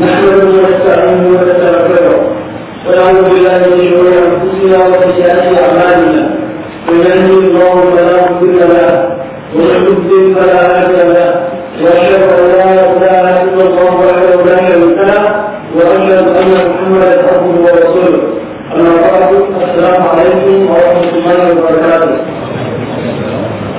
نحمده ونستعينه ونستغفره ونعوذ بالله من شرور انفسنا وسيئات اعمالنا من يهده فلا مضل له ومن يضلل فلا هادي له واشهد ان لا اله الا الله وحده لا شريك له واشهد ان محمدا عبده ورسوله اما بعد السلام عليكم ورحمه الله وبركاته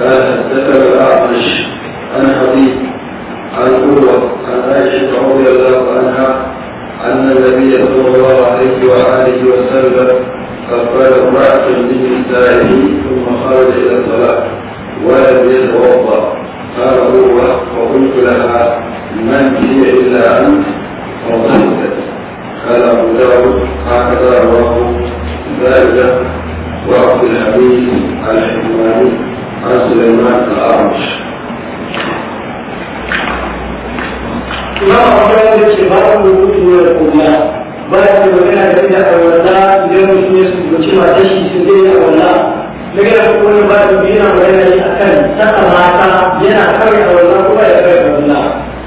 قال ذكر الأعمش عن حديث عن قوة عن عائشة رضي الله عنها أن النبي صلى الله عليه وآله وسلم قبل امرأة من نسائه ثم خرج إلى الصلاة ولم يتوضأ قال قوة فقلت لها من هي إلا أنت فضحكت قال أبو داود هكذا رواه ذلك وعبد الحميد الحكماني عن سليمان الأعرج ما أقول الاتفاق بالكتب والقرآن bayan da magana game da alwala idan mutum ya sumbaci mata shi sun zai alwala magana ko wani ba da yana magana ne akan saka mata yana kare alwala ko ya kare alwala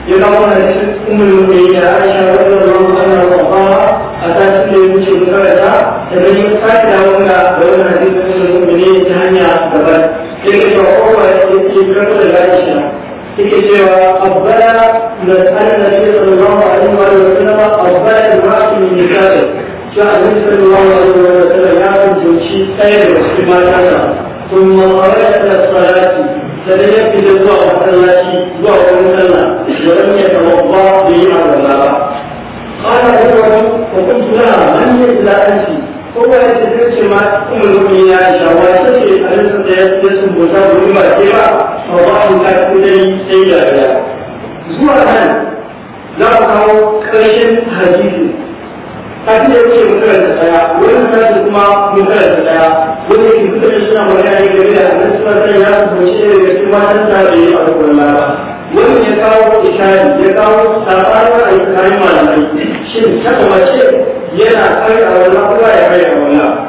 ya kawo na cikin umar mu'ayyana aisha radiyallahu anha wa ba a tasirin da da yake cewa kowa ya ce karfa da aisha yake cewa abbala da a shi sallallahu alaihi wa sallam abbala da masu min nisa'i cewa annabi da alaihi wa sallam ya kunjoci ɗaya daga cikin mata ta kuma awaya ta salati sannan ya fita zuwa masallaci zuwa wani sallah wa lam yatawaffa bi ma'rama قال عمر وقلت لها ce يدل عنك هو يتذكر ما ام المؤمنين shawarar. da ya fi sun bauta da wani mace ba to ba su ta fi dai sai da ya zuwa nan za mu kawo ƙarshen hadisi ta fi da yake mutarar da tsaya wani mutarar kuma mutarar da tsaya wani yake mutarar da suna magana ne game da hannun suna sai ya su bauce da daga cikin matan sa da ya abu kuma wani ya kawo ishari ya kawo yi ayyukan malamai shin ta mace yana kai a wannan ya kai a wannan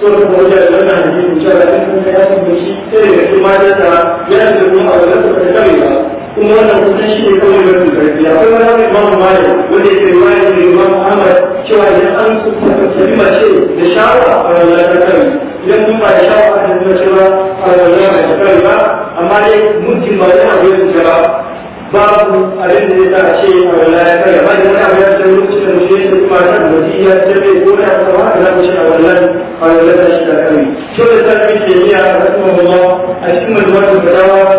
سورة الموجة لما نجي إن شاء الله إن كنت أسم بشيء سيئة كما جدا يأتي من أولاد فتكوية kuma wannan kusan shi ne kawai mafi karfi akwai wani abu imam malik wanda yake riwaya ne ma muhammad cewa idan an kusa kalima ce da shawara a wannan takari idan kun ba shawara a kuma cewa a wannan takari ba amma dai mutum ba yana gurin ba babu abin da zai sa ce a wannan takari ba da wani abu ya san lokacin da mutum ya kuma ta da wasiya ta bai ko na a wannan shi a wannan رحمه الله الشمل والبلاغة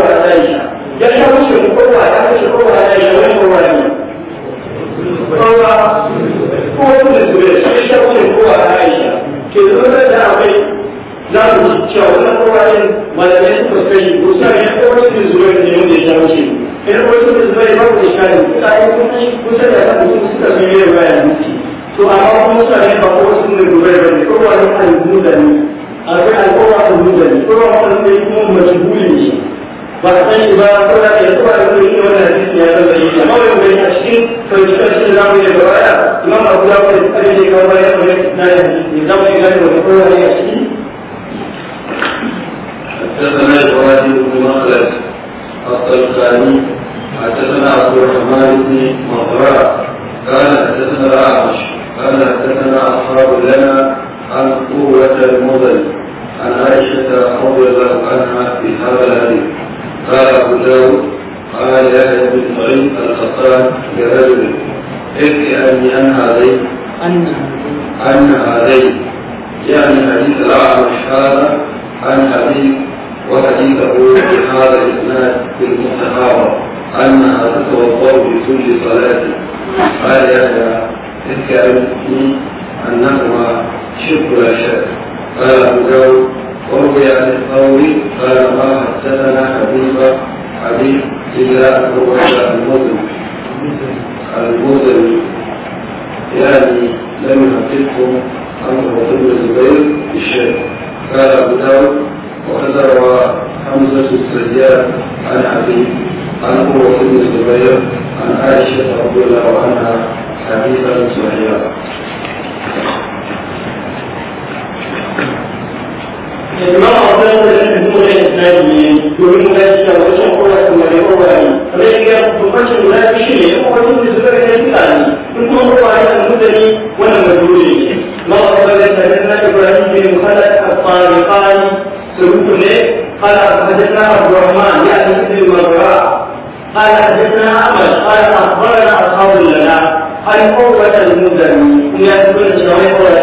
kowa na yi ya sha kowa ya kowa yi wani kowa ne kowa kowa da zuwa sha kowa yi ke zuwa da akwai za mu cewa wannan kowa ne malamai ya kowa da zuwa ne wanda ya sha da zuwa ya yi kuma kusa da mutum suka bayan mutum to a hawa musa ne ba kowa da zuwa ne kowa ne a yi mutane mutane kowa kuma ne ba ka sani ba ko da ke zuwa da kuma yi wannan hadisi ya san da yi amma wani bai a cikin fahimtar shi za mu yi da baya imam abu ya wani tsari ne kawai baya kuma na da hadisi za mu yi gani wani kowa ne a ciki. حدثنا الوالد بن مخلد الطلقاني حدثنا عبد الرحمن بن مغراء قال حدثنا الاعمش قال حدثنا اصحاب لنا عن قوه المضل عن عائشه رضي الله عنها في هذا الحديث قال أبو داود قال يحيى بن معين القطان لرجل اكفي أني أن هذين أن هذين يعني حديث الأعمش هذا عن حديث وحديثه في هذا الإسناد في المتحاور أنها في كل صلاة قال يحيى تلك أنهما شبه لا شك قال أبو داود وروي عن الثوري قال ما حدثنا حبيب حبيب الا ان روي المذنب المذنب يعني لم يحدثكم عن بن الزبير بالشيء قال ابو داود وقد روى حمزه السجاد عن حبيب عن عروه بن الزبير عن عائشه رضي الله عنها حديثا صحيحا يوسف قال حدثنا عبد الرحمن يعني مسلم والقراء قال حدثنا أمل قال أخبرنا أصحاب لنا عن قوة المدني إن يكون شريف ولا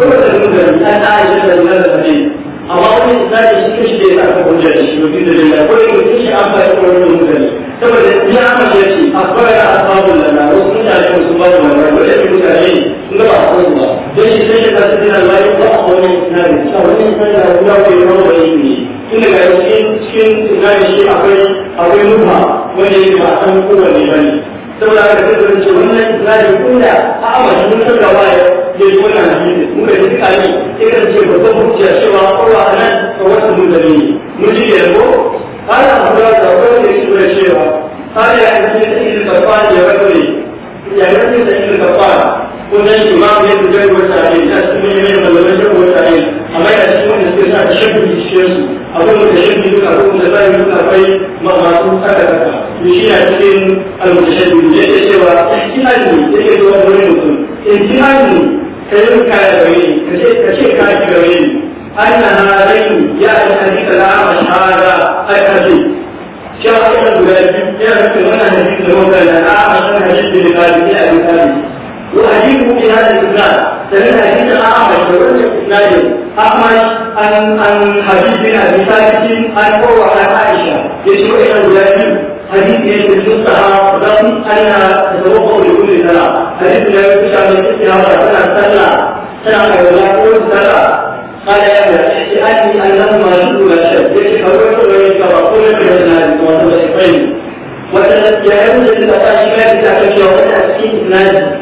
قوة المدني أن عائشة من هذا الحديث اللهم إنسان يشتري أكو حجاج يريد لله كل يمكنش أما يقول المدني ثم يا عمل يشي أخبرنا أصحاب لنا وسمعت عليكم سبحانه وتعالى ولم يكن عليه dan shi ta ka tsira na yi ba wani tunani ta wani tunani da kuma ko yi wani bai yi tun daga cikin cikin tunani shi akwai akwai nufa wanda yake ba san kowanne bane saboda haka sai zan ce wannan tun da a amana mun san gaba ya ya yi wannan hadisi mun da duka ne sai kan ce babban hujja cewa kowa anan ko wata mun da ne mun ji da ko قال أبو داود وقال يسوع الشيخ قال يا أبي سعيد الغفار يا رجلي يا رجل da الغفار wajen imam ma zuwa da wata ne na cikin yin malaman da wata ne amma ya cikin wanda suke sa da shan biyu cikin su abin da shan biyu duka abin da zai duka akwai masu saka saka to shi na cikin almutashan biyu ce cewa ihtihadi ne da ke zuwa wani mutum ihtihadi ne ka yi ka ya gare ni ka ce ka ki gare ni na rayu ya alhadi da la'ama shahara alhadi cewa ina guda biyu ya rufe wannan hadisi da wata da la'ama shahara hadisi da la'ama وأجيبه بهذا الإسناد فمن حديث الأعمش ومن إسناد أعمش عن عن حديث بن أبي ثابت عن عروة عن عائشة يشير إلى الولادين حديث يشبه جثها رغم أنها تتوقع لكل سنة حديث لا يخشى من ستها وسنة سنة سنة ولا كل سنة قال يا ابن احتئالي أنهما شد ولا شد يشبه الرجل ويشبه كل من الناس وتبقين وتتجاهل للمتاشمات الأكشية وتأسيس الناس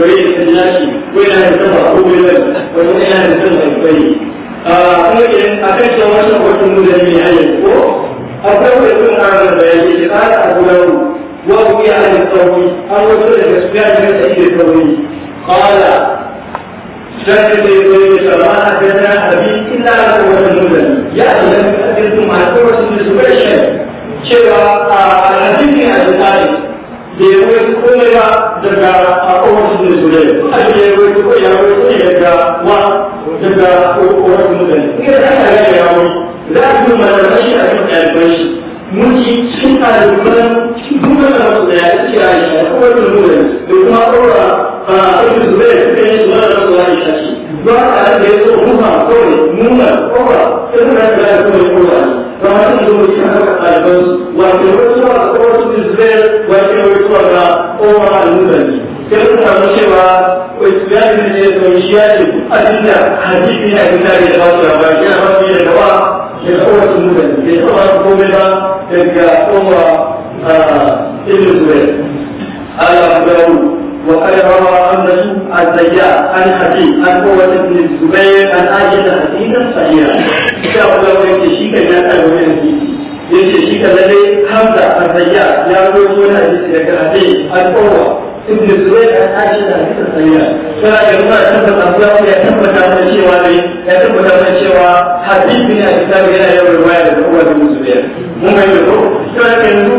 bai da san nashi ko yana da sama ko bai da ko yana da sama bai a ah, kuma idan a kan cewa wani wata mudani ne ayyuka ko akwai wani sun ƙarar bayani da ƙara a gudanar وهو على التوحيد أو ذلك سفيان بن سعيد الثوري قال شرط الثوري شرعنا حدثنا da إلا هو المدن يعني لم تأثرتم على كرة من سبع الشيء شرع kolega daga ofis ne su ne ake ya wai ko ya wai ne daga wa daga ofis mutane ina da aka gane ya wai za a yi mana rashi a kan ɗaliban shi mun ci cikin ɗaliban shi ya ce a inda hadisi ne a inda ya zama su rabar ya zama su yi da gaba ya zama su nuna ya zama su kome ba daga kowa a ilu zuwa ala gudaru wa kare an da su a an haɗe an kowa ta ne zuwa ya an aje da hadisan sahiya ita kuma ke shi kan ya tsaye wani yanzu ya ce shi kan hamza a zayya ya zo wani hadisi daga hadisi an kowa ibn Zubair an tashi da hadisin sahiha sai ga ruwa ya tabbata ko ya tabbata mana cewa ne ya tabbata mana cewa hadisi ne a kitabu yana yawan ruwaya da ruwa da Zubair mun ga yau to ya yanzu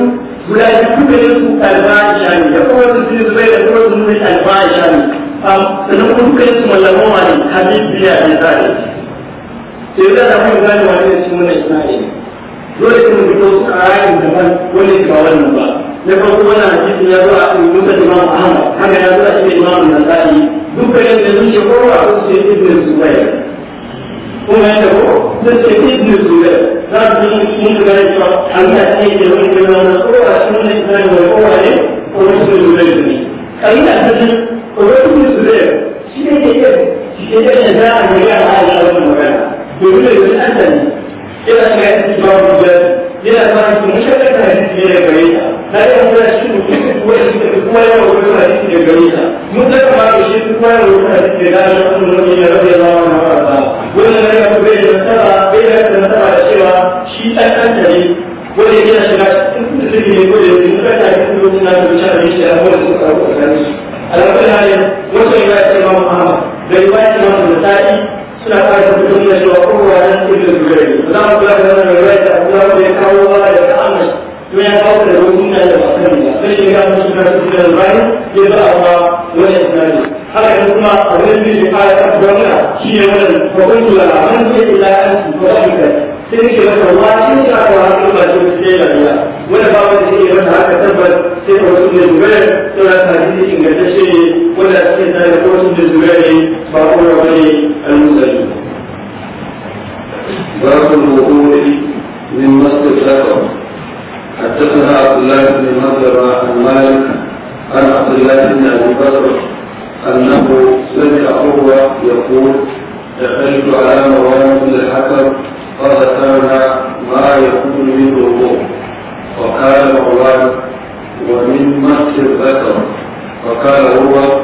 guda biyu kuma ne su albashi ne da kuma su ibn Zubair da kuma su ne albashi ne sannan kuma dukkan su mallamawa ne hadisi ne a kitabu sai da da mun gane wani ne cikin wannan isna'il dole kuma fito su a ra'ayin daban wani ba wannan ba na farko wannan hadisi ya zo a cikin musa imam ahmad haka ya zo a cikin imam nasai dukkanin da sun ce kowa sun ce ibn zubair kuma yadda ko sun ce ibn zubair za su yi mun ga ne cewa an ta ce da wani gina na kowa sun ne na ne kowa ne ko ibn zubair ne kai da sun ko ibn zubair shi ne ke shi ne ke da a ga a ga wannan magana domin da sun an ta ne ina ga ibn zubair yana fara kuma shi ne ka hadisi ne gare na yi magana shi mutum ko kuwa yi da kuwa yana wani hadisi da gare sa mun da kuma da shi kuwa yana wani hadisi da gare sa mun da ya rabe ma wannan marasa wannan ne ka bai da nasara bai da nasara da cewa shi dan dan da ne wanda ya gina shiga cikin sirri ne wanda ya gina da cikin da ya gina da shi da wanda suka rabu a gare shi alaƙar halin wata yi wata imam Muhammad da yi wata imam yi suna fara tabbatar da cewa kowa ya ce da gare za mu kula da wannan riwaya da Allah ya kawo wa da Ahmad don ya kawo da wani mutane da masu nan ba sai shiga da suna da da bayan ya za a ba wani tunani haka da kuma a wani bin da fara kan gwamna shi ne wannan babban tulala an zai ila an su ko an kai sai ke masa ruwa shi ya kawo haka ba shi wasu sai lafiya wanda ba wanda shi ke masa haka da da باب الوضوء من مسجد الحرم حدثنا عبد الله بن منذر عن مالك عن عبد الله بن ابي بكر انه سمع عروه يقول دخلت على مروان بن الحكم قال كان ما يكون منه الوضوء فقال مروان ومن مسح الذكر فقال هو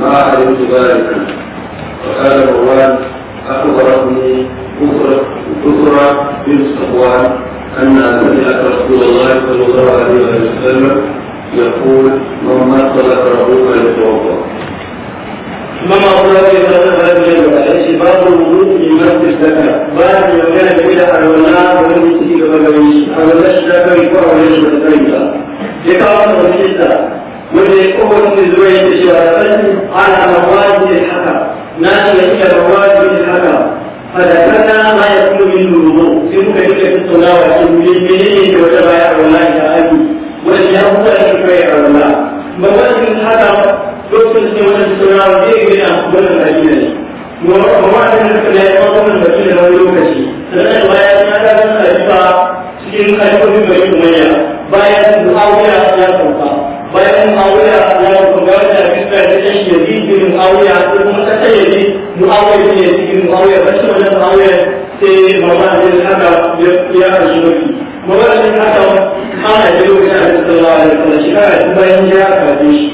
ما علمت ذلك فقال مروان اخبرتني اخرى بن صفوان أن سمعت رسول الله صلى الله عليه وسلم يقول من مات ذكره فليتوضأ إمام أبو داود يتكلم في الجنة باب الوجود في مسجد الزكاة باب لو كان إلى أنواع ومن يسيء فليش أو الأشرك يقع ويشرك فيها لقاء المسجد والذي أخذ في زوجة شهادة على مواد الحكم ناس إلى مواد الحكم فذكرنا ما يكون منه الوضوء في مكتبة الصلاة menene da wata baya a wani da aiki wani ya da ba haka lokacin bayan magana ne haka ma ana yi wa shi a cikin sallallahu shi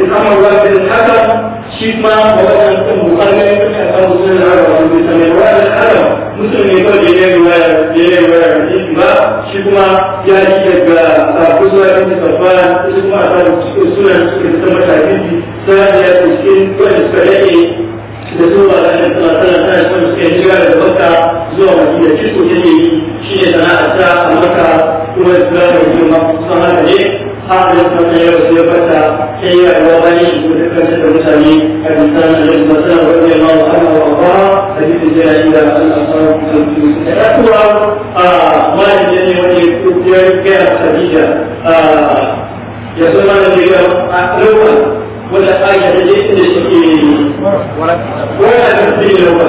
Muhammad bin Hasan shi ma da wannan kan Bukhari ne kuma kan Muslim da Arab wani musulmi wa da musulmi ko da ya yi waya ya ba shi ya yi daga kusurwa ɗin sabbara shi kuma a tsarin cikin sunan suka fita mata da su ba da ɗan tsala tana tana son suka yi shiga zuwa Madina shi ko yake ne shi ne sana'arta a Makka kuma da su zama yi ma kusan haka ne haka yin kanta yau sai fata sai a ruwa bayan shi ko da kanta mutane a bisan alaihi wasallam wa ya mawa ana wa ba da yake jira inda Allah sauran kusan su ya kuwa a wani ne wani ya gaya sabida ya so mana ne ga a ruwa wanda aya da yake da shi ke wala da shi ne ruwa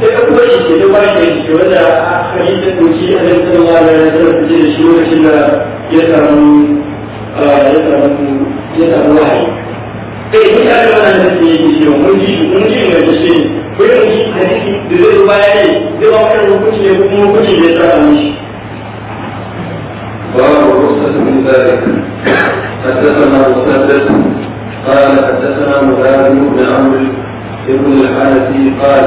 sai ka kuma shi da ba shi shi wanda a hadisi da shi Allah sallallahu da ya samu ya samu wahayi sai mun ta da wannan da ke yi shi mun ji mun ji mai da shi ko yin shi hadisi da zai zo baya ne zai ba wannan hukunci ne kuma hukunci ne ta samu shi باب الرخصة من ذلك حدثنا مسدد قال حدثنا مجاهد بن عمرو بن الحارثي قال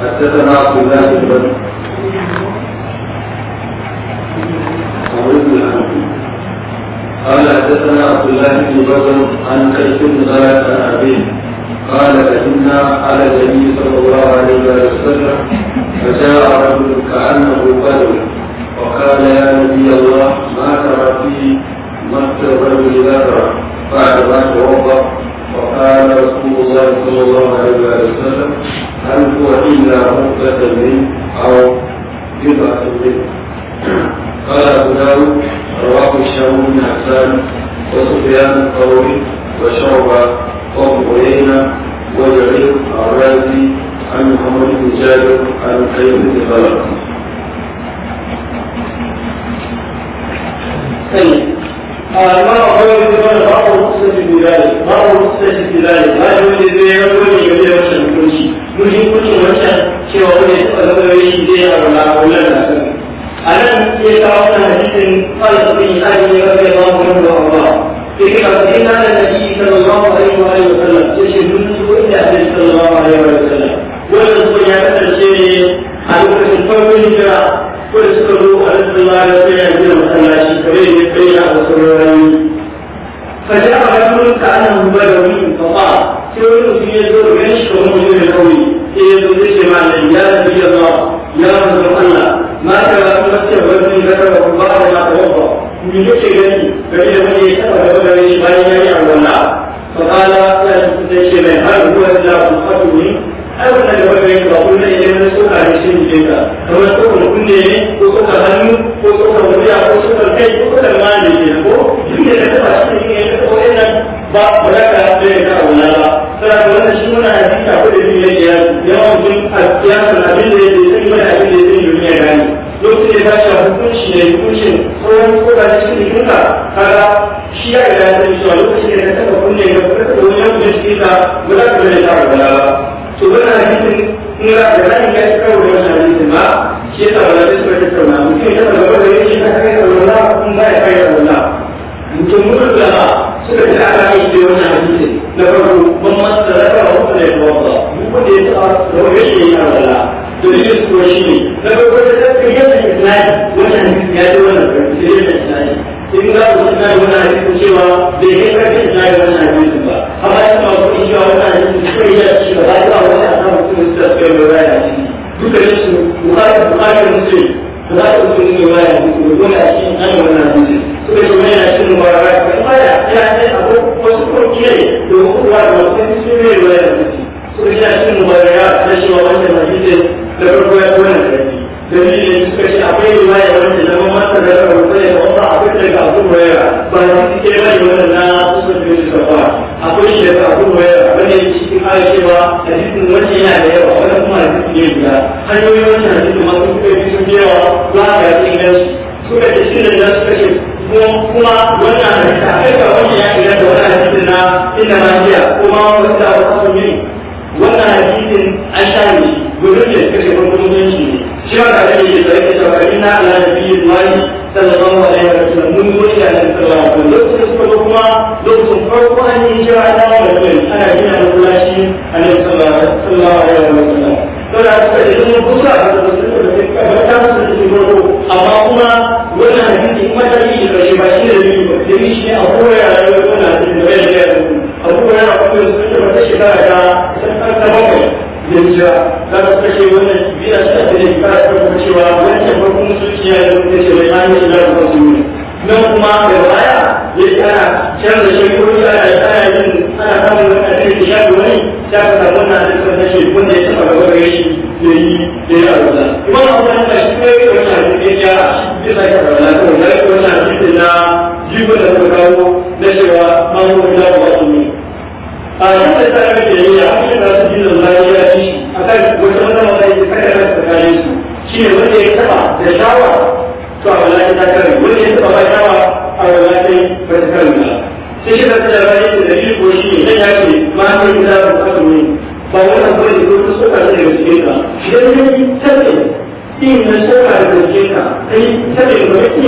حدثنا عبد الله بن قال حدثنا عبد الله بن بكر عن كيف بن غاية عن أبيه قال قدمنا على النبي صلى الله عليه وسلم فجاء رجل كأنه بدو وقال يا نبي الله ما ترى في مكة الرجل ذكر بعد ما توضأ وقال رسول الله صلى الله عليه وسلم هل هو إلا مكة منه أو بضعة منه قال أبو داود رواه هشام بن حسان وسفيان الثوري وشعبة وابن عيينة وجرير الرازي عن محمد بن جابر عن خير بن خلق. طيب. آه، ما 反正这些高呢，是他的生爱他这个高生活好不好？平常平常呢，的老板，哎呦哎呦，的这些人都有点了，为了。我有时候也看还有这种高啊，或者是走路，或是哪个鞋这种穿来洗，特可以让我受不了。他现在还专门干了五百多米，懂吧？走路去也走远，去走路也走远，这些都是些玩意，也是比较，也是比较困难。ما كان تمسك وزني ذكر الله ما توضا من يكي غني فإذا من يشتغل بدل يشغل يعي ولا فقال لا تنسي من هل هو إلا صفته أولا لوجهك فقلنا إذا نسوك على شيء جدا فنسوك كل وسوك هنو وسوك وجع وسوك الكي وسوك المال يجيبه يمكن أن تبقى شيء يجيبه ba ba za ka haɗe ya kawo na ba sai ka wannan shi wannan hadisi da jin yake yasu yawan mutum a siyasa abin da yake sai mana abin da yake duniya gani lokacin da ta shi hukunci ne hukuncin ko ko ba shi ne kinka kaga shi ya ga sai shi lokacin da ta ka kunne ka ka da wani mutum shi ka ba za ka bari ta kawo na ba to wannan hadisin in ra da nan ya shi kawo wannan hadisin ba shi ya tabbata da shi ka tauna mutum ya tabbata da shi ka kai kawo na ya kai kawo mutum mutum da chúng ta đã đi chưa kuma yi wani hadisi ya gyara zai ka zauna ko na yi wani hadisi na jibo da kuma kawo na cewa an wani na ba su ne a yi da ta ka ke yi a cikin da su ta zauna ya ci a kan wata wata mata ta kaka da tsakanin su shi ne wanda ya taba da shawa to a wala ta kare wanda ya taba ba shawa a wala ta ba ta kare ba sai shi da ta da da shi ko shi ne ya ce ma ta da ba su ne ba wannan kawai ko kuma suka ne da su ne ba idan ya yi tattalin din na shaka da zance ka kai sabin ba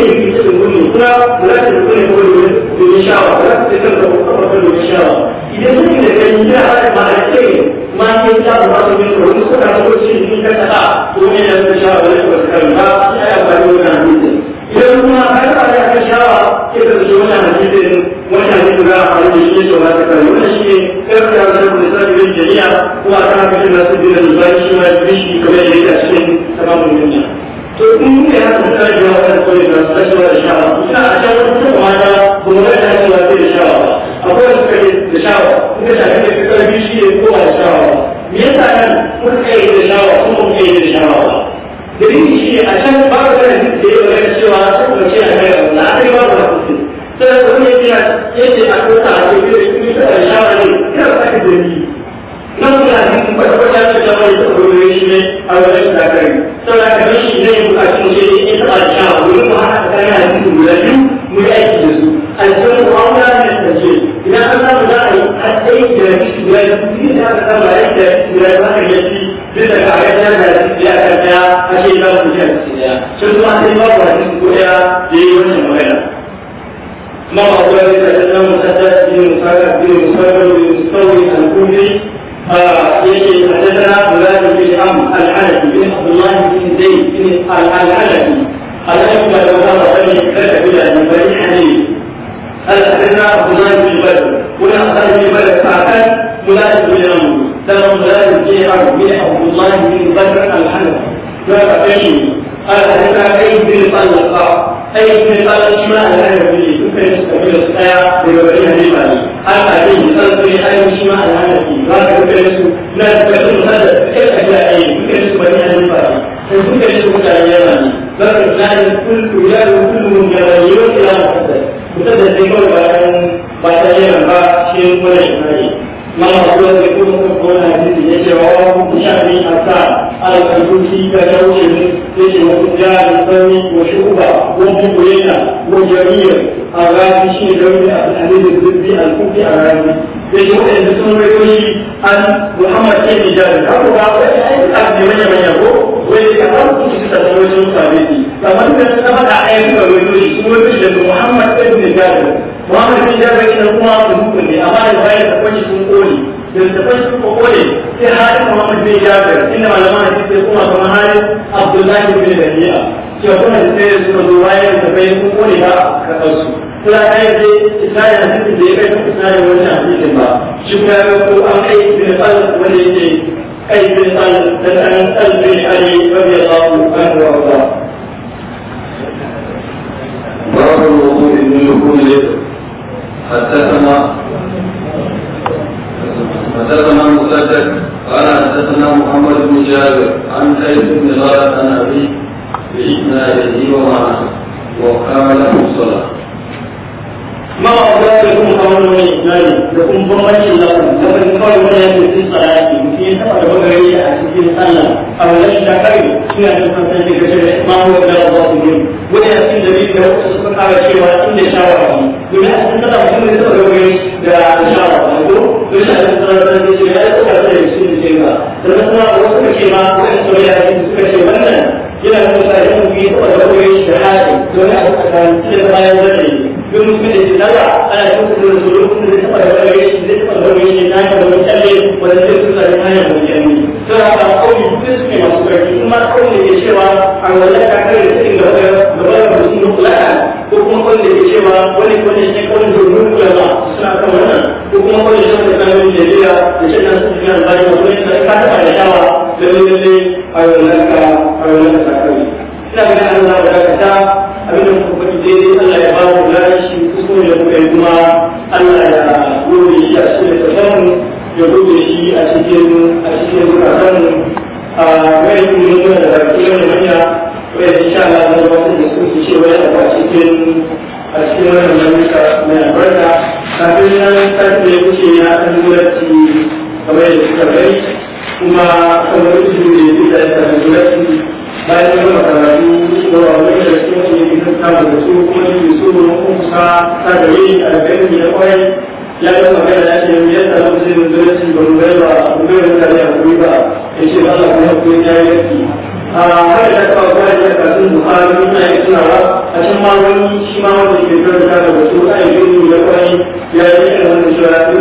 kake yi ya karshe wannan hadisin a faru da shi ya shawara ta kare wannan shi ne da jami'a ko a kan da zuwa shi ma shi kamar yadda a cikin tamamin duniya to in mun shi wannan kawai da da shawa ina a can wani kuma ma da kuma da ta ce da a akwai suka yi da shafi shi ne ko a da shawa me yasa nan muka yi da shawa kuma yi da dalili shi a can babu da da ya bayar cewa saboda ce a kai abu na kai babu da kuɗi sai da kuma yake yake a ta a cikin da kuma shi a shawara ne kira ba ka dalili nan kuma a cikin ta kwata shi da wani saboda ne shi ne a wajen da kai saboda ka shi ne mu a cikin ne ya taɓa shawara wurin mu haka ta kai a cikin guda biyu mu yi aiki da su a cikin mu an gudanar da ce idan an samu za a yi a tsaye da shi guda biyu ne aka samu sun ma sai ma ba sun koya da yi wannan magana ma ba koya da ta nan musadda bin musaka bin musaka bin musawi al-kulli yake hadana bulad bin am al bin abdullah bin zayd bin al-hanafi al-hanafi ba da ba ba ne kada bila ne bari hadisi قال حدثنا عبد الله بن بدر ولا قال بن بدر فاكل ملاد بن عمرو سلام ملاد بن عمرو بن عبد الله بن بدر الحنفي لا قال حدثنا أي بن قال القاع أي بن قال الإمام الهدى فيه يمكن تستمر الصلاة بمبنيها للمالي قال أي بن قال في أي الإمام الهدى فيه ما تكون لا تكون هذا كيف أجل أي يمكن تستمرها للمالي يمكن تستمرها للمالي لكن الآن كل كلاب كل من جماليون إلى مقدس مقدس يقول بعد بعد أيام بعد شيء ولا شيء ما هو يقول يقول يقول هذه الشيء وهو مشابه أمثال على الكرسي كشوش تشي وكجاء الثاني وشعوبة وبقينا وجميع أغاني شيء جميع الحديث الذبي الكوفي أغاني تشي وكجاء الثاني وكجاء أن محمد كيف جاء الحق وقال أبدي من يمن يقول ويجب أن تكون تتوجه صديقي فمن كان سمع أعيان فوجوه سوى محمد ابن جابر محمد ابن جابر إنه هو أبو بكر أما الغاية تكون شيء بالتفاش الأولي في حال محمد بن جابر إن علماء الحديث يقوم كما حال عبد الله بن دنيا يقول السيد سورة الرواية التفاش الأولي لا كأسو فلا كيف إسرائيل الحديث اللي يبقى إسرائيل ولا حديث ما شكرا يقول أن أي بن قلب وليدي أي بن قلب لأن قلب علي رضي الله عنه وأرضاه باب الوضوء من دخول اليد حدثنا حدثنا مسدد قال حدثنا محمد بن جابر عن زيد بن غالب عن ابي باسناده ومعناه وقال مصطلح ما أولادكم قول من إسلام لكم بمجي لكم لكم قول من يأتي في صلاة في سبع بغير في صلاة أو لن تكري في أن تفسد كشرة ما هو إلا الله منه ولا يسين دليل له أسفق على شيء ولا إن شاء الله ولا أسفق على شيء ولا إن شاء الله dole a cikin ranar ya yi suka sai ne ce ba kuma wasu ma ya yi suka ce wannan yana da sa yin ko yi a da bayan zai yi duk da ana cikin da su lokacin da ta fara da shi fara da shi na da da ne masu kuma ne ke cewa an wallaka da cikin mutlaka ko kuma wanda ke cewa wani wani shi kawai domin kulama suna kan wannan ko kuma wani shi wanda kan yin jeliya da shi na sun fiye da bayan wani da ka taɓa da shawa da lalle a yau na ka a yau na ka sakari ina ga an da ka dakata abin da muka faɗi daidai Allah ya ba mu lashi kuskure da muka yi kuma Allah ya gobe shi a cikin kasan ya gobe shi a cikin a cikin kasan a mai yi ne da yi wani manya wai sha Allah da wata da kuke cewa yana ba cikin a cikin wannan mamlaka mai albarka kafin nan kafin da kuke ya san gurati kamar yadda kuka gani kuma kamar yadda kuke da ya san gurati bayan da makarantu da wani da suke yin kama da su kuma yin su ne kusa ta da yi alƙalmi da kwai ya yi magana ya ce yadda na mutum ba mu bai ba mu bai mutane a kuri ya ce ba Allah kuma kuma ya yi yadda har da kawo ba da kafin bukari a can ke zuwa da kaga wasu da kwai ya yi irin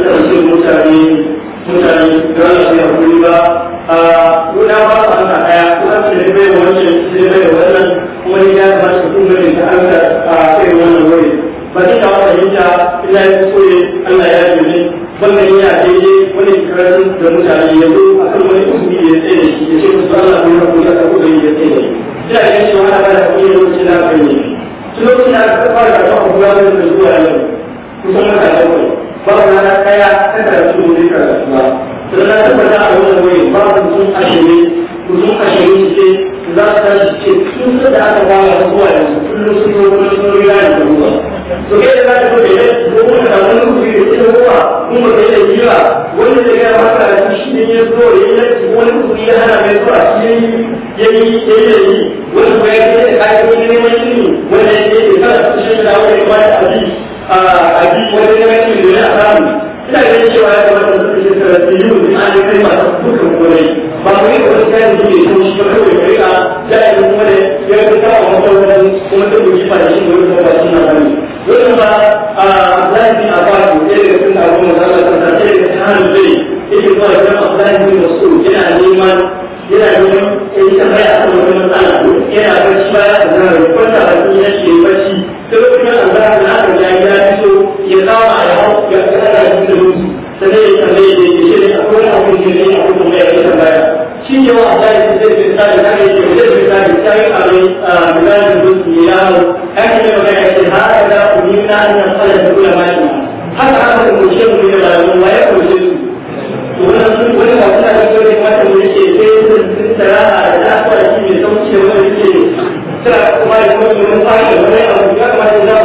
kuma da kuma domin fari da wani abu ya kamata za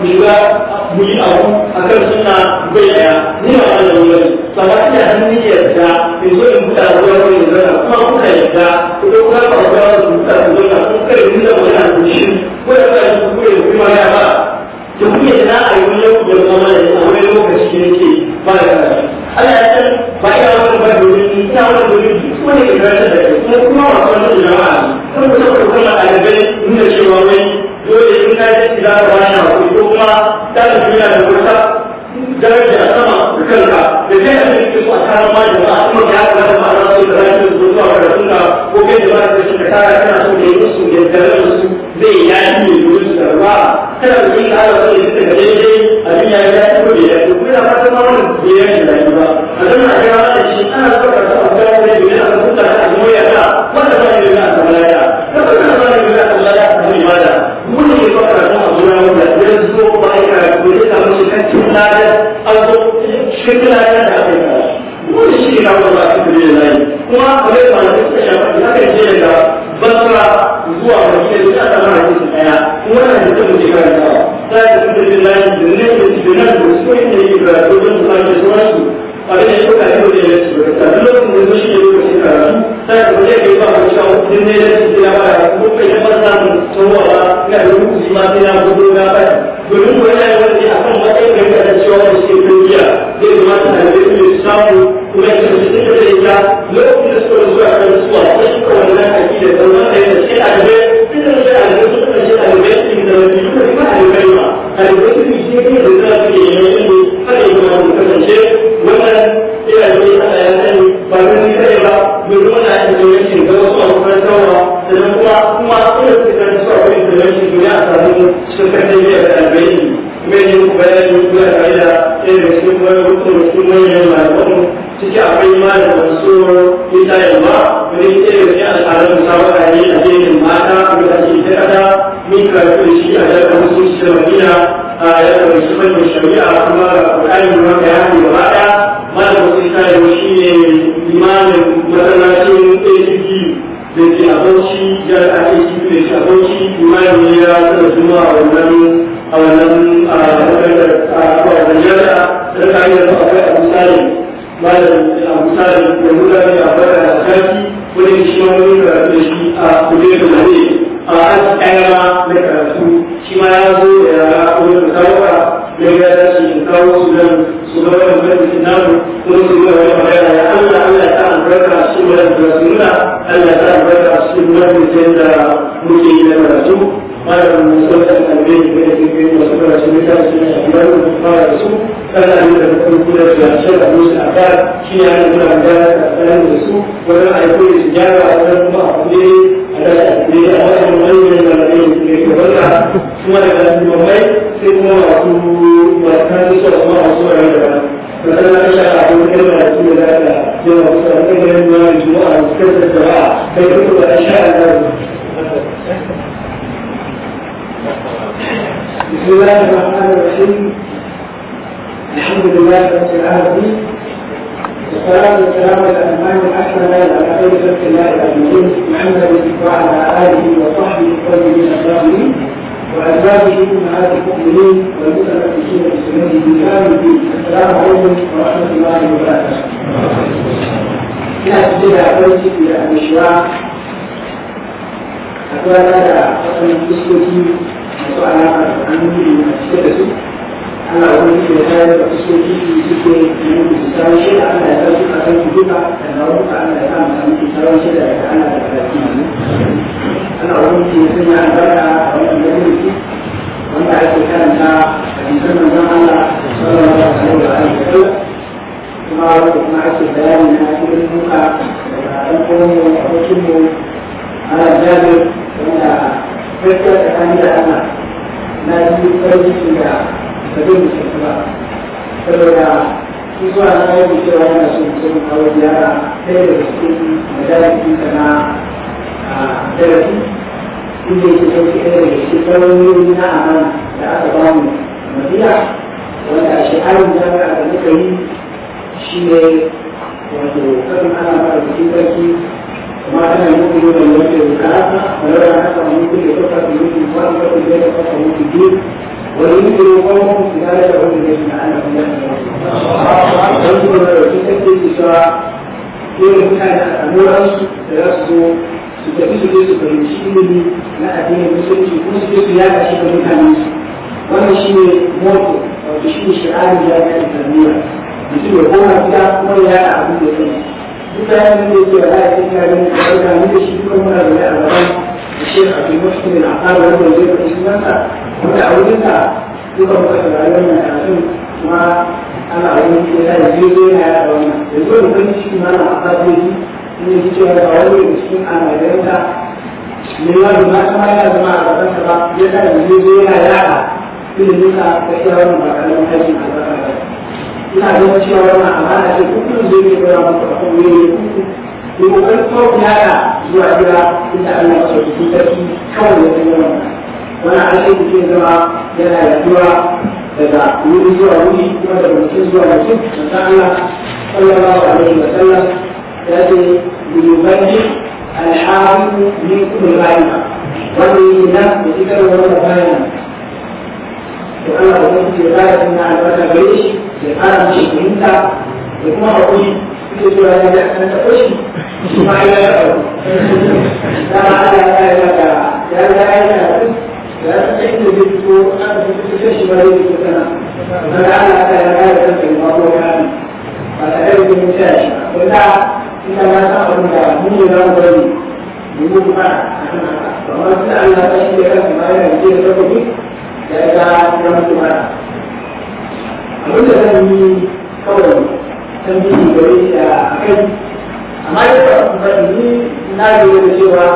mu ga mu ga mu yi abu a kan suna bai daya ni ba da wani wani ba ba ina da ni yarda in zo in buɗa ruwa ko in zana kuma kuka yarda ku ɗau ka ba ruwa ku buɗa ku zana kun kare da wani abu shi ko ya ba shi ku kuma ya ba da kuke da za a yi wani yau ya zama da a wani lokaci ne ke ba da kana Allah ya san ba ina wani ba domin ina wani domin duk wani da kuma kuma wasu wani jama'a yana da wata daraja sama da kanka da kai a cikin su a da ba a kuma ya kamata da na su da rashin zuwa ga rasunka ko kai da ba ka shi ka tara kana so da yi su da garin su zai yayi ne wurin su da ruwa kana da yin ala so da suka daidai abin ya yi ya ko da ya ko ina fata ma wannan yi da ba a zama a ga shi ana so المسلمين والمسلمات في المسلمين بالإمام الدين السلام عليكم ورحمة الله وبركاته. ina cikin da akwai ciki da annashuwa akwai ana da wasan fuskoki masu alaƙa da hannun da cike da su ana wani da tayar da fuskoki da suke yin misalin shaida ana da su a kan duka da nau'uka ana da kan sami misalin shaida da ana da karatu ana wani da sanya albarka a wani yanzu wanda ake karanta hadisan manzon Allah sallallahu alaihi wa sallam kuma wanda kuma ake bayani na cikin duka daga ɗan a abokin mu ana jabir wanda gaskiya tsakanin da Allah na ji farin ciki da ba zai mu shi ba saboda shi zuwa na yi cewa yana so mutum kawo ziyara ɗaya daga cikin majalisi kana ah, darasi duk da yake sauki ɗaya daga cikin na amana da aka ba mu madina wanda a shekarun da aka da muka yi shi ne wato kasan ana ba da cikin sarki kuma ana yi muku yau da wanda ya karasa wanda ya haka wani kuke kuka su yi kuma an kuka yi da kuka mutu biyu wani yi kuma kuma kuma su gane da wani ne shi na ana kuma da wani don su da wani sun kake cewa yau da mutane a samu ransu da za su zo su su je su fahimci ilimi na addinin musulunci kuma su je su yaɗa shi ga mutane su wannan shi ne moto wato shi ne shi'arin jami'ar islamiyya mutum ya koma gida kuma ya yaɗa abin da ya sani duk da yadda zai ce ba ya ce ta yi mutu da ya da shi kuma muna da a gaban الشيخ عبد المحسن العقاب رجل زيد في سنة وتعودنا يقرأ كتب علينا الحسن وأنا أعلم أن هذا الزيد لا يعلمنا يقول كل شيء ما أنا أعطاه ne ji ce da wani da cikin almajiransa ne ma da ma kuma yana zama a ta ba ya sa da zai zo yana yaɗa ilimin sa da iya wannan ba karamin aikin albasa ba ina ganin cewa wannan amana ce kullum zai ne koya masa ba kuma ne ne ko kan ya yara zuwa gida inda Allah ya ce tafi kawai ya san wannan wani alheri ke zama yana yaduwa daga wuri zuwa wuri kuma daga mutum zuwa mutum da Allah sallallahu alaihi wa sallam ya ce yubanni alhamu min kudin rayuwa wanda yi na da cikar wannan bayan to Allah ba kuma ke bayar da albarka gare shi ya fara mishi fahimta da kuma hakuri ita zuwa ya ga kan taɓa shi shi ma ya ga abu da ma Allah ya yi maka ya ga ya yi maka ya ga inda zai fito an fi fito shi ba zai fito sana da Allah ya yi maka ya ga kan taɓa shi ba ko ya ga ba ta ɗaya da mutum ya shi ba ina ya sa abin da mun ne za mu bari mu yi ba amma suna Allah ta shi da kansu ma yana da jiya saboda da ya ya mutu ba abin da zan yi kawai tambayi gare shi a kai amma ni na da cewa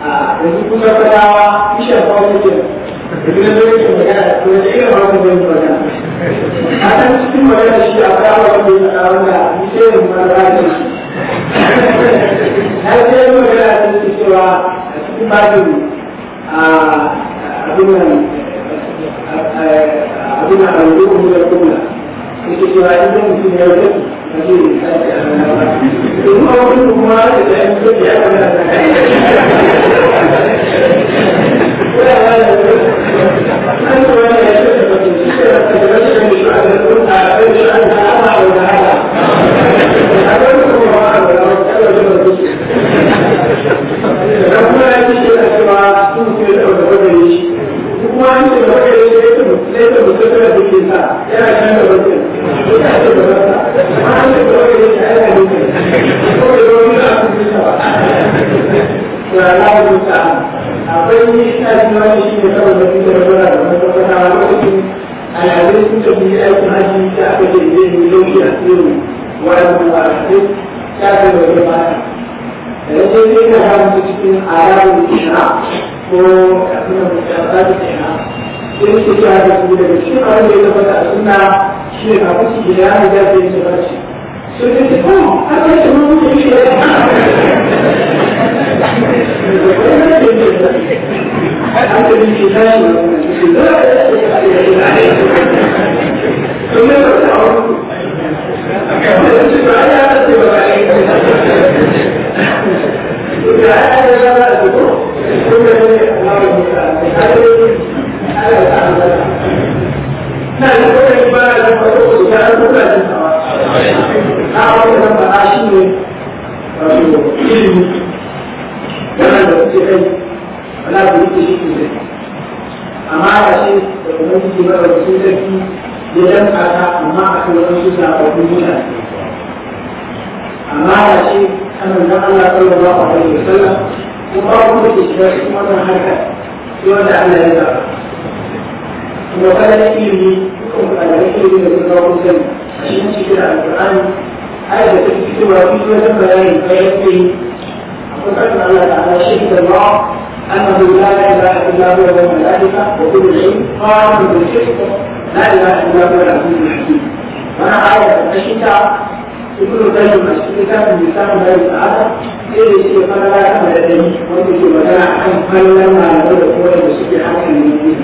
a yanzu kuma fadawa ishan zai yi magana da kuma da irin yi magana a kan cikin magana shi a kawo wanda ya shi na yi sai yau da yana cewa a cikin a abin nan abin a kuma da kuma cewa in zai mutum ya wuce a ce ya sake a ranar ba. Domin a wajen kuma da ya yi ya a مسلم عشان تشير على القرآن هذا آية تكتب وفيه ثم بيان فيكفي فقد الله تعالى شهد الله أنه لا إله إلا هو والملائكة وكل العلم قائم بالقسط لا إله إلا هو العزيز الحكيم وأنا عارف الشتاء يكون دايما مسؤولية من لسان غير السعادة إذا يصير فلا لا يعمل إليه ويجي ولا عن فلا ما يقول هو المسؤول عن المسلمين.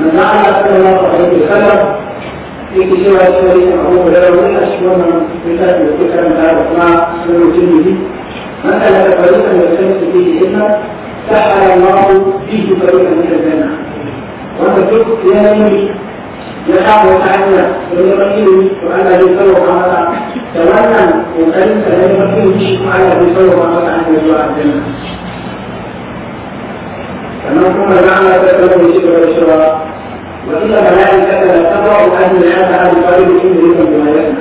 من نعم صلى الله عليه وسلم في كسوة سوري أبو هريرة من أسلم بالله الذكر من هذا الأسماء سنة الترمذي من ألف فريقا يلتمس فيه علما سحر الله فيه فريقا من الجنة وأنت تلك يا نبي يشعر وسعدنا ويمكنني وأنا يصلي وعمل تمنى وكلمة لا يمكنني على يصلي وعمل عن يسوع الجنة sannan kuma da ana da kuma shi da cewa wanda mala'ika da tabawu an yi hada an fara da shi da yake mala'ika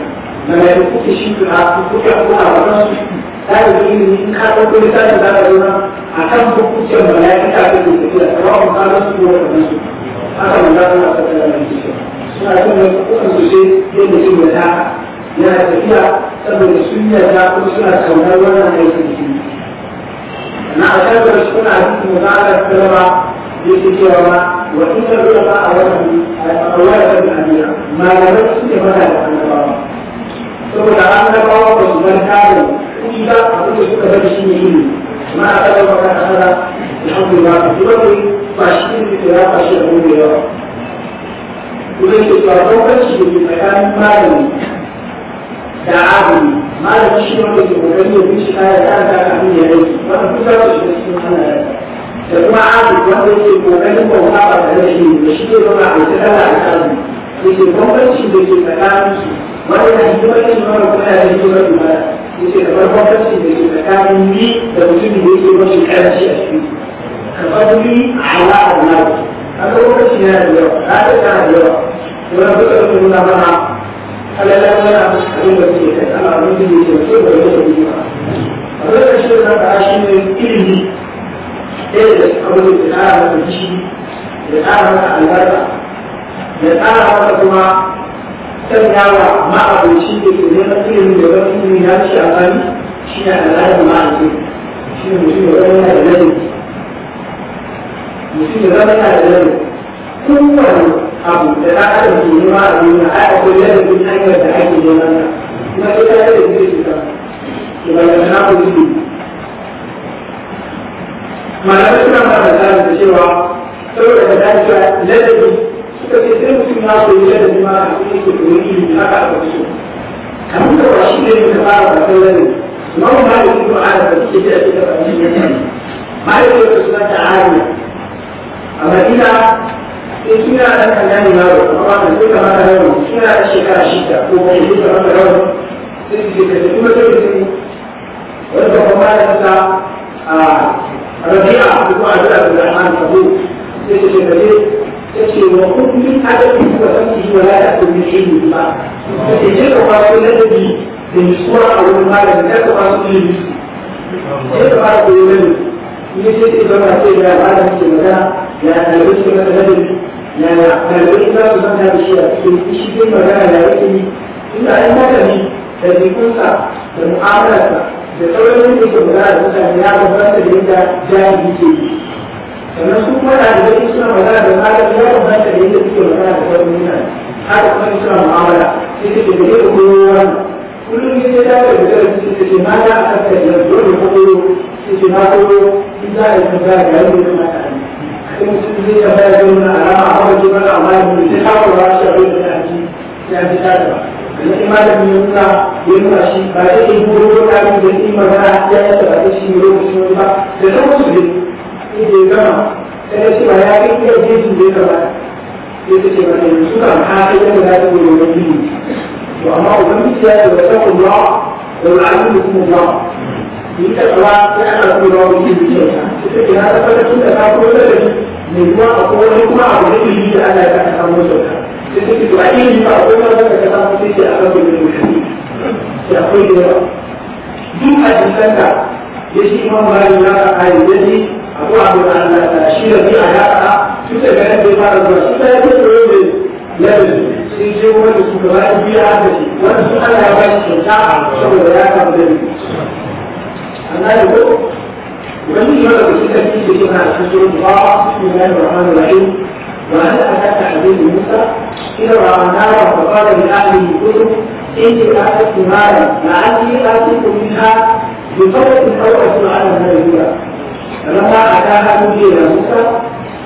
mala'ika ku shi a su da yi ni ka ko ku ta da da wannan akan hukuncin mala'ika ta ke tafiya ba ka da su da wannan su haka manzo Allah ta da shi suna kan hukuncin su sai yadda yi da yana tafiya saboda yi ta ko suna kaunar wannan aikin shi na alƙalbar suna cikin muzalar sirra yake cewa wa inda zuwa ba a wani a wani da biya malamai suke mana da annabawa saboda annabawa ba su zan kare kuɗi ba abin da suka bari shi ne ilimi ma a ƙasar maka asara alhamdulillah ba su bari ba shi ne da ya ba shi da mu da yawa. Kuma yake cewa bambanci da ke tsakanin malami دعاهم ما لم يشرع به وبين في شهاده لا تعلم يديه ولم تزوج مسلم انا فهو عابد وهو يجب وبين ومعبد على شيء وشيء ومع وتتابع الارض يجب وبين شيء يجب مكان ولا يجب ان يشرع ولا يجب ان يشرع يجب وبين شيء يجب مكان لي لوجود يجب وجه كان شيء فيه كفضلي على النار هذا هو الشيء هذا هذا هذا ولم تكن هنا معه Allah ya wani abu su kanin da suke kai ana abin da yake ke da yake da yiwa a zai shi da ta shi ne ilimi ɗaya da suka wani da ƙara masa ci da ƙara masa albarka da ƙara masa kuma sanyawa ma'aboci da ke neman ilimi da wani ilimi ya ce a bani shi ne al'adar ma'aboci shi ne mutum da wani da ladabi mutum da wani da ladabi kowane abu da za a ɗauki nema a duniya a yi akwai lalacin hanyar da ake neman ta kuma ita ta da zai shi kan ke bayan na ku zuri malamai suna ba da zaɓi da cewa saboda da zaɓi cewa lalaci suka ce sai mutum ya koyi lalaci ma a cikin ke koyi ilimi haka a kwaso kamar da ba shi ne ta fara ba sai lalaci kuma ba ma da kuma a ba su ke da ba shi ne ma suna ta ariya a madina sai suna da kankani yaro amma da zai kamata yaro suna da shekara shida ko kuma zai kamata yaro sai su je ka kuma sai su wanda kuma ya sa a rabi'a ko kuma a jira da rahman kabu sai su je ka ta ce wa kullum adadin kuma san ki wa la ta kullu ilmi ba sai je ka kwaso ladabi da nutsuwa a wurin malami kar ka yi ilmi sai ka fara koyo ladabi ne sai ka zama sai ya ba da ke magana ya ɗalibai su ka ladabi za su zanta da shi a cikin shi zai magana da yake yi ina yi mata ni da jikunsa da mu'amalarsa da sauran yadda yake magana da mutane ya bambanta da yadda jahili ke yi sannan su kuma da yadda suna magana da malam ya bambanta da yadda suke magana da sauran mutane haka kuma suna mu'amala sai da ke da koyo wannan kullum ya ta da daga cikin da ke mata a kan da yanzu da koyo sai ce na koyo in za a da yadda ya a yi in mutum zai ya bayar da wani alama a wajen mana amma ya mutu sai haka ba shi abin da ya ji ya ji ta da ba idan malamin ya nuna ya nuna shi ba zai yi buru ko ta yi da yi magana ya yi ta ba shi ne lokacin wani ba da ta wasu ne in ya gama sai ya ba da ya gaba ba ta yi suna haka yadda za ta goyi wani biyu to amma ubangiji ya ce ba ta ba da wani kuma ba yi karɓa sai ana kuma wani ke zuciya suka ce na tabbatar tun da ka kuma lalaci ne kuma akwai wani kuma abu da ilimi da Allah ya ka samu sauka sai suka ce a ilimi ba akwai wani da ka samu sai ce a kan kuma ilimi sai akwai da yawa duk a jikin ka ya shi imam malik ya ka kayi ya ji akwai abu da Allah ya ka shi da bi a ya ka tun da ganin bai fara zuwa shi ta yi da tsoro da lalaci sun je wanda su gaba biya haka ce wanda su Allah ya ba shi kyauta saboda ya samu dalili عمله ولم يجرب في تكتيك فيما تسجيل الله بسم الله الرحمن الرحيم وهل أتاك حديث موسى إذا رأى نارا فقال لأهله كتب إني أتت نارا لعلي آتيكم منها بفضل أو أتلو على النبي فلما أتاها نجي إلى موسى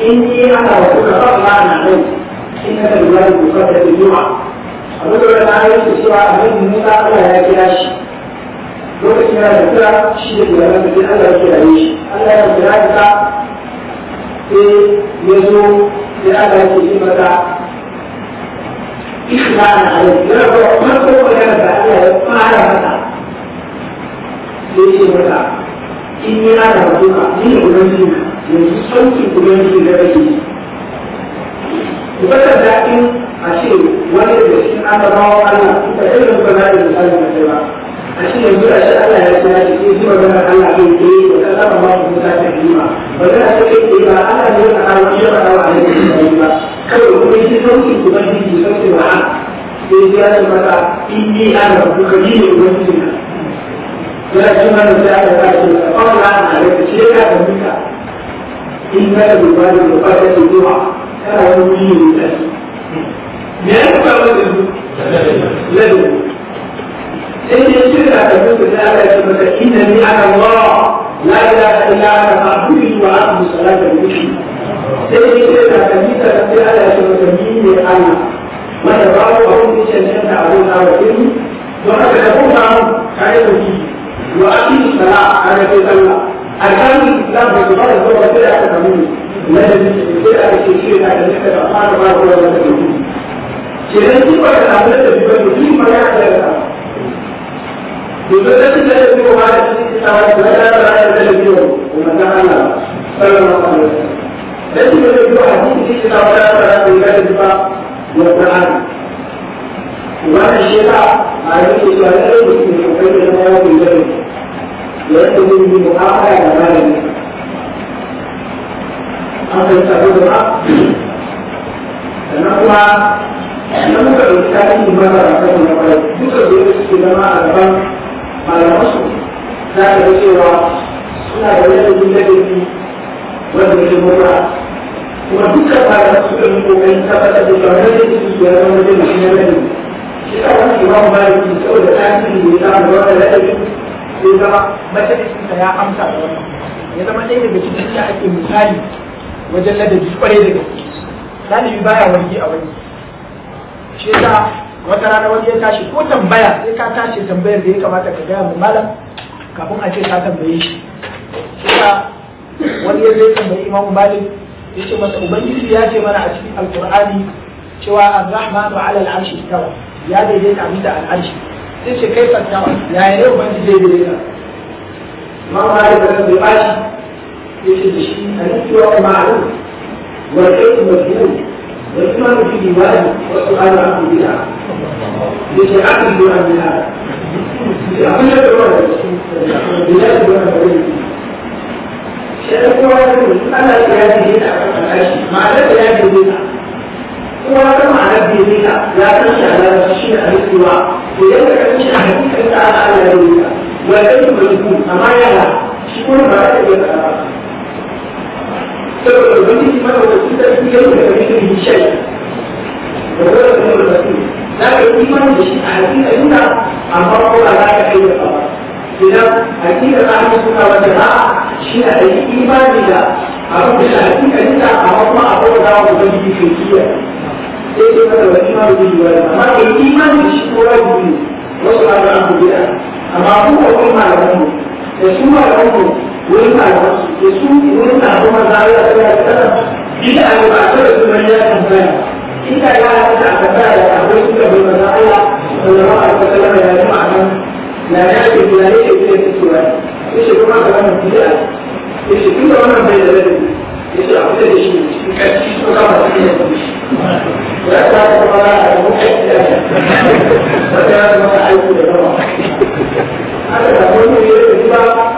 إني أنا رسول فاطلع عليك إنك الوالد قد الجمعة الرجل الآن يسوع أهل موسى ولا يكلاش lokacin yana da kira shi da iyalan da Allah ya kiraye shi Allah ya kira ka sai ya zo sai Allah ya ce maka ina na alai yana da farko magana da Allah ya fara maka sai ya ce maka in yi na da mutuka ni ne ubangiji yanzu sauki ubangiji da kake yi Ibadar da in a ce wani da shi an da bawa Allah, ita irin ba za ta misali na ba. shi yanzu a shi Allah ya kira shi shi magana Allah bai ke yi da kama ma su ta yi ma. ba za a ce ke ba Allah ne ya kawo shi ya kawo a yau da yi ba kawai kuma shi sauki ku ba shi sauki ba ha sai ya ce mata in yi ana ku ka yi ne wani shi ya ce mana sai aka ba shi ba ba na ana da shi ya ka muka in ka da ba da ba da shi zuwa kana wani yi ne da shi me ya ka ba da shi ladu sai ya shirya da mutu da aka ce maka inna ni ana Allah la ilaha illa ana abduki wa abdu salata miki sai ya shirya da kamita da sai aka ce maka ni ne Allah wanda babu abun da cancanta a gona wa ilmi don haka da kuma kare da ki wa abdu salata a ga sallah alhamdu islam da kuma da kuma sai aka kamu na da da da da ba da ba يقول لك لا يجب على الساعات ولا على اليوم وما تعالى صلى الله عليه وسلم لكن يجب حديث في تعالى في الكتاب والقران وعلى الشفاعة عليه السؤال من حقيقة الحياة الجنة يأتي بمقاطعة كمال أصل التعبد الحق فنقوى نقوى بالتالي مرة رحمة الله يوجد في السلامة على البنك malamansu za ka ga cewa suna da wani abin da gani wanda ke mura kuma dukkan malaman su yi kokarin tabbatar da cewa wani da su ya zama wajen da shi na gani shi ka wani imam maliki saboda tasirin da ya samu wanda da ɗari ya da ake misali wajen ladabi kwarai da gaske baya wani a wani shi wata rana wani ya tashi ko tambaya sai ka tashi tambayar da ya kamata ka gaya mu malam kafin a ce ka tambaye shi kuma wani ya zai tambayi imam malik ya ce masa ubangiji ya ce mana a cikin alkur'ani cewa ar-rahmanu 'ala al'arshi tawa ya daidaita mu da al'arshi sai ce kai fattawa ya ne ubangiji zai daidaita imam malik da zai bashi ya ce da shi a yi wa ma'ruf wa ilmu majhul والإمام في رواية والسؤال عنه بدعة لشعب دون بدعة أقول لك رواية بلاد دون بدعة شايف رواية أنا في هذه بدعة مع ذلك هذه بدعة وكما على بدعة لا تنشأ على تشيء الاستواء ويبقى تنشأ حديث أنت على هذه البدعة ويتم الوجود أما يلا شكون ما يتم saboda ubangiji mana wasu da su yau da kare shi shai da wani kuma da su na ka yi imani da shi a hakika yana amma ko ba za ka kai da ba idan hakika za mu suna wata ba shi a yi imani da abin da shi hakika yana amma kuma a kowa za mu ubangiji ke kiyaye sai dai kada wani imani da shi ba. amma ka yi imani da shi ko wajibi ne wasu ba za mu biya amma kuma wani malamanmu da su malamanmu wurin malaman su ke su wurin malaman mazari a tsaya da sana ita a yau ba ta da kuma ya tambaya ita ya haka a tambaya da akwai suka bai maza Allah sallallahu alaihi wasallam ya yi ma'anan na ya ce ya ne da ke fitowa ya ce kuma ka wannan biya ya ce duk da wannan bai da ladabi ya ce a fita da shi cikin ƙarfi su kama su ne da shi ya ta kuma ba a da mutum ya ce ba ta ya kuma aiki da gama haka da wani ya ce ba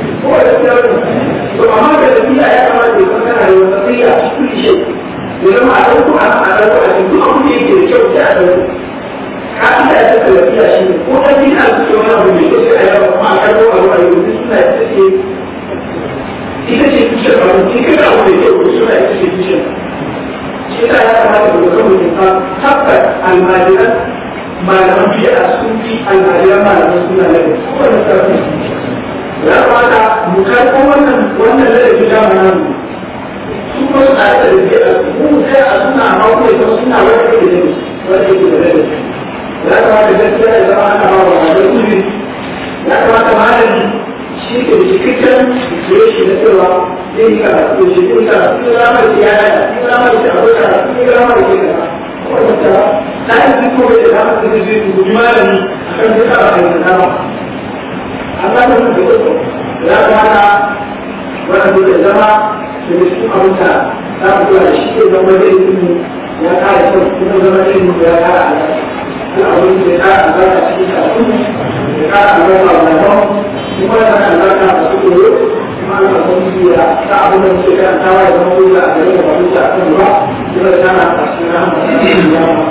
kowace sarrafa ya kamata san da wata tafiya a cikin zama a ɗauko a a ɗauko a cikin duk abin da yake da kyau a ɗauko ka fi da shi ne ko sai a a a suna ita ce suna ita ce ya kamata da wata almajiran malaman fiye a sun fi almajiran malaman suna da kowane sarrafa ya fata mu karɓo wannan wannan laifi da mana su ko su ta da biyar mu sai a suna hawo ne kuma suna wani da ne wani da ne ya kamata gaskiya ya zama ana hawa da kuri ya kamata malami shi ke cikakken da shi na cewa zai yi karatu da shi kuma karatu da ramar da ya yaya da ramar da ta da karatu da ramar da ya wanda ta ta yi duk kuma da ramar da zai zai malami a kan duka a kan da amma da mutum ya kamata wanda zai zama da cikin abinda za ta kula da shi ke zama zai yi ya kara kyau kuma zama zai yi ya kara alaƙa abin da ya kara alaƙa cikin kafin ya kara alaƙa wanda ba kuma ya kara alaƙa a cikin yau kuma ana kuma ya ta abin da muke karantawa ya zama dole a gare da ba mutu a ba kuma ya kara a cikin rahama ya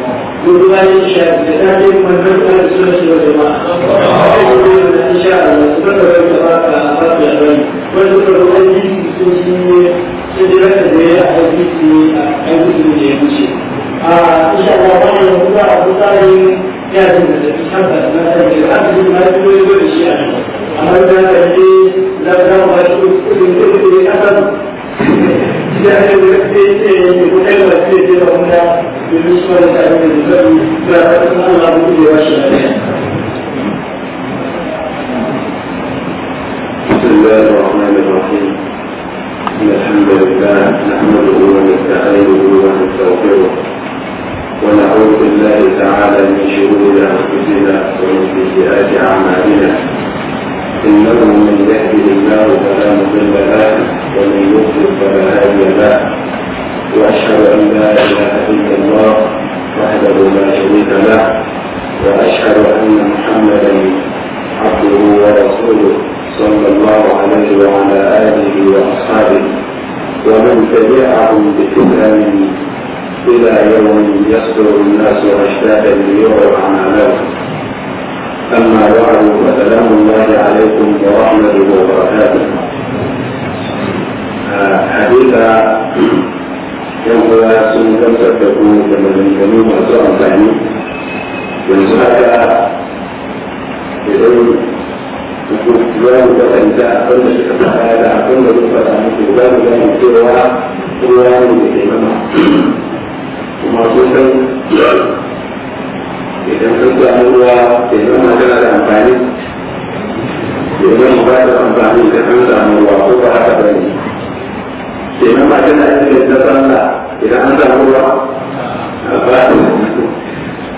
وبما يشاء بذلك من بدأ السنة والجماعة ويقول إن شاء الله سبحانه وتعالى أعطاك أبي وذكر الحديث السنسي سجلة الدنيا حديث حديث الجيوشي إن شاء الله بعد الله أبو طالب لازم تتحدث مثلا بالعبد ما تقول كل شيء أما إذا تجي لا تنوى تقول كل كل أسد لأنه يكفي يكفي يكفي يكفي بسم الله الرحمن الرحيم إن الحمد لله نحمده ونستعينه ونستغفره ونعوذ بالله تعالى من شرور أنفسنا ومن سيئات أعمالنا إنه من يهدي الله وأشهد أن محمدا عبده ورسوله صلى الله عليه وعلى آله وأصحابه ومن تبعهم بإسلام إلى يوم يصدر الناس أشتاتا ليروا أعمالهم أما بعد فسلام الله عليكم ورحمته وبركاته آه، حديث يوم لا سنة تكون كما من جميع yanzu haka idan za mu ga fahimta abin da suka fara da abin da suka fara muku za mu gane cewa kowa ne da taimama kuma sun san idan sun samu ruwa taimama tana da amfani domin ba da amfani da sun samu ruwa ko ba haka ba ne taimama tana da sallah idan an samu ruwa a ba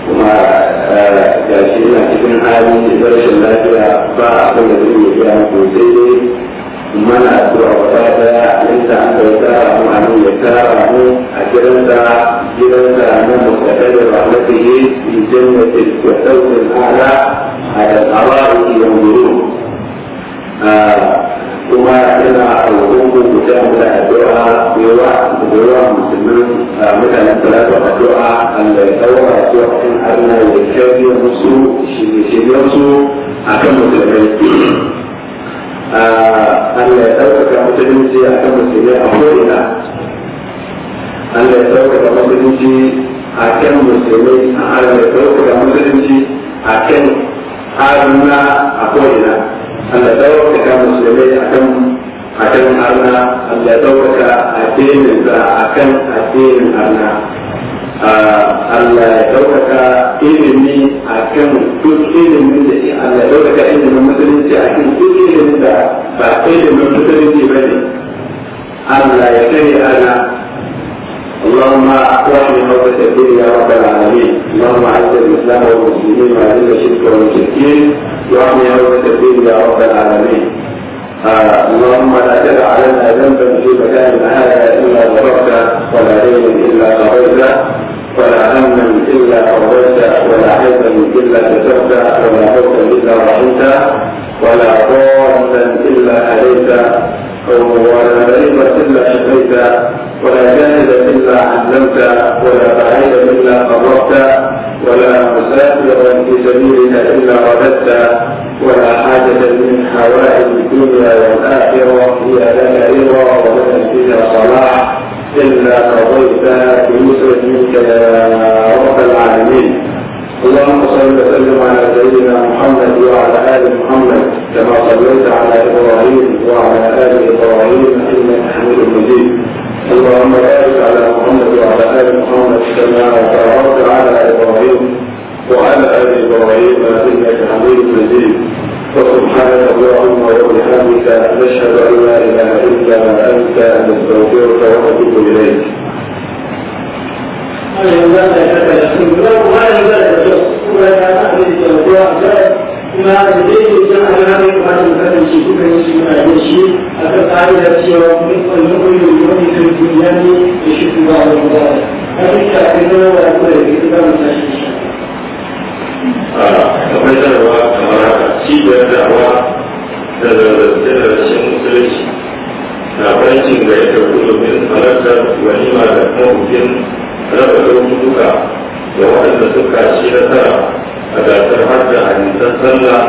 kuma eh, ga shi a cikin halin rashin lafiya ba a kan da zai iya mutu sai dai mana zuwa wata daya inda an kai tara mu a nan ya tara mu a gidansa gidansa nan da kwaɗa da rahmatu yi fi jannatin wa ɗaukin ala a da tsawari yawon kuma yana roƙon ku ta mula addu'a yawa da yawa musulmin mutanen talata addu'a Allah ya tsawara su a cikin Allah ya shirya musu shirye su akan musulmai Allah ya ɗaukaka musulunci akan musulmai a ko'ina Allah ya ɗaukaka a akan musulmai Allah ya ɗaukaka musulunci akan haruna a ko'ina Allah ɗaukaka musulmai a kan a kan arna Allah ɗaukaka a kan addinin arna Allah ya ɗaukaka ilimi a kan duk ilimin da Allah ya ɗaukaka ilimin musulunci a kan duk ilimin da ba ilimin musulunci ba ne Allah ya kare ana اللهم اقوى الموت الكبير يا رب العالمين اللهم اعز الاسلام والمسلمين واذل الشرك والمشركين واحمي موت الكبير يا رب العالمين آه، اللهم لا تدع لنا ذنبا في مكان هذا الا غفرته ولا دينا الا قضيته ولا هما الا قضيته ولا حزبا الا كسرته ولا حزبا الا رحمته ولا ضالا الا هديته ولا مريضا الا شفيته ولا جانب إلا علمت ولا بعيد إلا قربت ولا مسافر في سبيلك إلا رددت ولا حاجة من حوائج الدنيا والآخرة هي لك رضا ولك فيها صلاح إلا قضيتها بنصرة منك يا رب العالمين اللهم صل وسلم على سيدنا محمد وعلى ال محمد كما صليت على ابراهيم وعلى ال ابراهيم انك حميد مجيد اللهم بارك على محمد وعلى ال محمد كما باركت على ابراهيم وعلى ال ابراهيم انك حميد مجيد وسبحانك اللهم وبحمدك نشهد ان لا اله الا انت نستغفرك ونتوب اليك. kuma da zai yi jan alaƙa da kuma da kuma da shi kuma da shi a kan ƙa'idar cewa mun kwallon shi ta البنيان يشد بعض البعض هل الشاكرون ويقول الكتاب المسجد akwai sanarwa kamar haka cibiyar da'awa da zarce-zarcen musulunci na farcin ga yadda domin halartar walima da kuma bukin raba lokutuka da waɗanda suka shi nasara a gasar har hadda hadisan sallah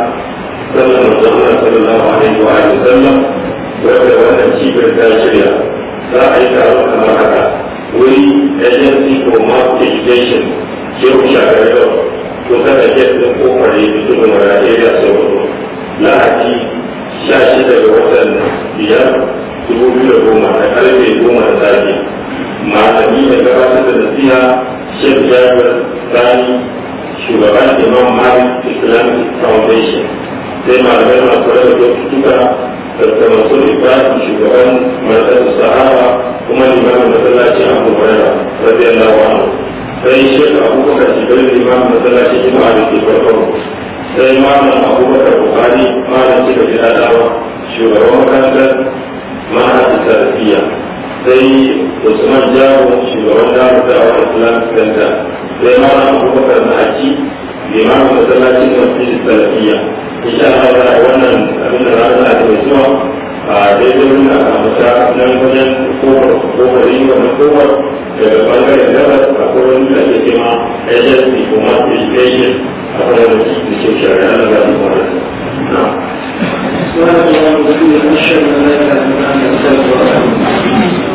sallar manzon Allah sallallahu alaihi wa sallam wadda wannan cibiyar ta shirya za a yi taro kamar haka wuri agency for mass education shehu shagari da to kada ke da kofar yi da tuba na Najeriya sau lahadi sha shida ga watan biyar dubu biyu da goma da karfe goma da safe malami da gabatar da nasiha shek jabir sani shugaban imam malik islamic foundation sai malamai masu rarraba cututtuka da masu ibrahim shugaban masar sahara kuma limamin masallacin abu hurairah radiyallahu anhu sai shek abubakar jibril limamin masallacin juma'a da ke farko sai malam abubakar buhari malam cika gida dawa shugaban makarantar mahajin sarfiya sai usman jawo shugaban damar da awar islamic center sai malam abubakar na aji limamin masallacin da fi salafiya insha Allah za wannan abin da za a da zuwa a daidai wani a amsa nan wajen kofar kofar yi wannan kofar daga bangaren gabas akwai wani da ake cema agency for education a kwanar da ke shari'a na zaɓi kwanar na سبحانك اللهم وبحمدك نشهد ان لا اله الا انت نستغفرك